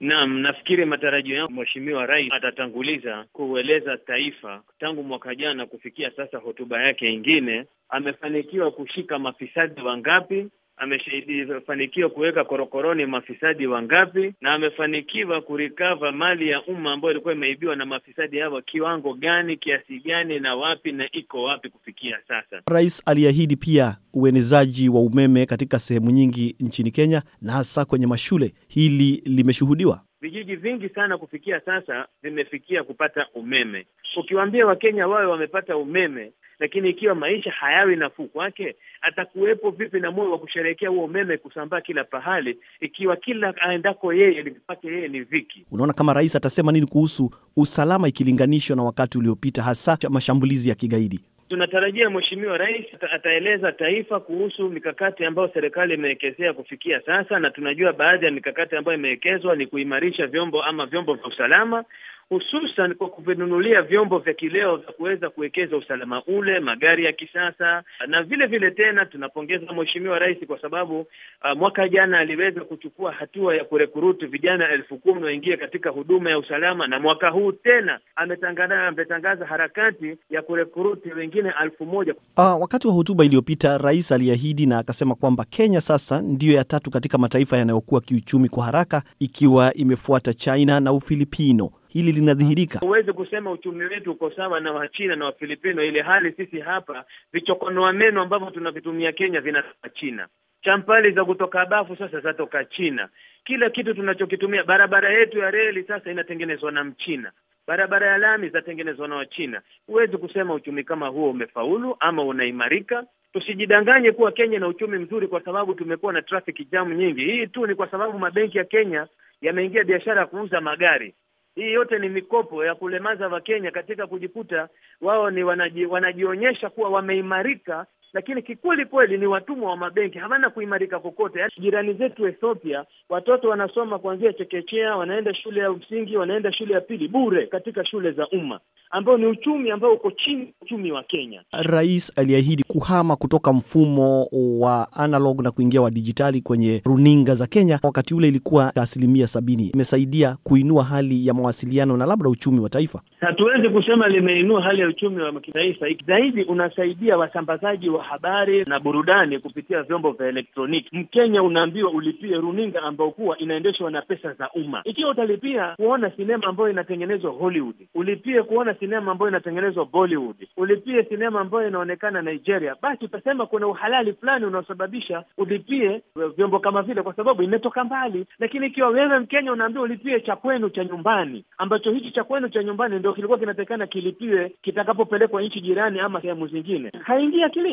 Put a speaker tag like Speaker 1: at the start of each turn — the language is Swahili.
Speaker 1: Naam, nafikiri matarajio yangu Mheshimiwa Rais atatanguliza kueleza taifa. Tangu mwaka jana kufikia sasa, hotuba yake ingine, amefanikiwa kushika mafisadi wangapi, amefanikiwa kuweka korokoroni mafisadi wangapi, na amefanikiwa kurikava mali ya umma ambayo ilikuwa imeibiwa na mafisadi hawa kiwango gani, kiasi gani, na wapi na iko wapi kufikia sasa.
Speaker 2: Rais aliahidi pia uenezaji wa umeme katika sehemu nyingi nchini Kenya na hasa kwenye mashule. Hili limeshuhudiwa
Speaker 1: vijiji vingi sana kufikia sasa vimefikia kupata umeme. Ukiwaambia Wakenya wawe wamepata umeme, lakini ikiwa maisha hayawi nafuu kwake, atakuwepo vipi na moyo wa kusherehekea huo umeme kusambaa kila pahali, ikiwa kila aendako yeye kwake yeye ni viki?
Speaker 2: Unaona, kama rais atasema nini kuhusu usalama ikilinganishwa na wakati uliopita, hasa mashambulizi ya kigaidi?
Speaker 1: Tunatarajia Mheshimiwa Rais ataeleza taifa kuhusu mikakati ambayo serikali imewekezea kufikia sasa, na tunajua baadhi ya mikakati ambayo imewekezwa ni kuimarisha vyombo ama vyombo vya usalama, hususan kwa kuvinunulia vyombo vya kileo vya kuweza kuwekeza usalama ule, magari ya kisasa. Na vile vile tena tunapongeza Mheshimiwa Rais kwa sababu uh, mwaka jana aliweza kuchukua hatua ya kurekuruti vijana elfu kumi waingie katika huduma ya usalama, na mwaka huu tena ametangaza ametangaza harakati ya kurekuruti wengine elfu moja.
Speaker 2: Uh, wakati wa hotuba iliyopita rais aliahidi na akasema kwamba Kenya sasa ndiyo ya tatu katika mataifa yanayokuwa kiuchumi kwa haraka ikiwa imefuata China na Ufilipino hili linadhihirika.
Speaker 1: Huwezi kusema uchumi wetu uko sawa na Wachina na Wafilipino, ile hali sisi hapa vichokonoa meno ambavyo tunavitumia Kenya vinatoka China, champali za kutoka bafu sasa zatoka China, kila kitu tunachokitumia. Barabara yetu ya reli sasa inatengenezwa na Mchina, barabara ya lami zatengenezwa na Wachina. Huwezi kusema uchumi kama huo umefaulu ama unaimarika. Tusijidanganye kuwa Kenya na uchumi mzuri kwa sababu tumekuwa na traffic jam nyingi. Hii tu ni kwa sababu mabenki ya Kenya yameingia biashara ya kuuza magari. Hii yote ni mikopo ya kulemaza Wakenya katika kujikuta wao ni wanaji, wanajionyesha kuwa wameimarika lakini kikweli kweli ni watumwa wa mabenki, hawana kuimarika kokote. Yaani jirani zetu Ethiopia, watoto wanasoma kuanzia chekechea, wanaenda shule ya msingi, wanaenda shule ya pili bure katika shule za umma, ambao ni uchumi ambao uko chini uchumi wa Kenya.
Speaker 2: Rais aliahidi kuhama kutoka mfumo wa analog na kuingia wa dijitali kwenye runinga za Kenya. Wakati ule ilikuwa asilimia sabini. Imesaidia kuinua hali ya mawasiliano na labda uchumi wa taifa.
Speaker 1: Hatuwezi kusema limeinua hali ya uchumi wa kitaifa, zaidi unasaidia wasambazaji wa wa habari na burudani kupitia vyombo vya elektroniki. Mkenya unaambiwa ulipie runinga ambayo kuwa inaendeshwa na pesa za umma. Ikiwa utalipia kuona sinema ambayo inatengenezwa Hollywood, ulipie kuona sinema ambayo inatengenezwa Bollywood, ulipie sinema ambayo inaonekana Nigeria, basi utasema kuna uhalali fulani unaosababisha ulipie vyombo kama vile, kwa sababu imetoka mbali. Lakini ikiwa wewe Mkenya unaambiwa ulipie cha kwenu cha nyumbani, ambacho hichi cha kwenu cha nyumbani ndio kilikuwa kinatakikana kilipiwe kitakapopelekwa nchi jirani ama sehemu zingine, haingia akilini.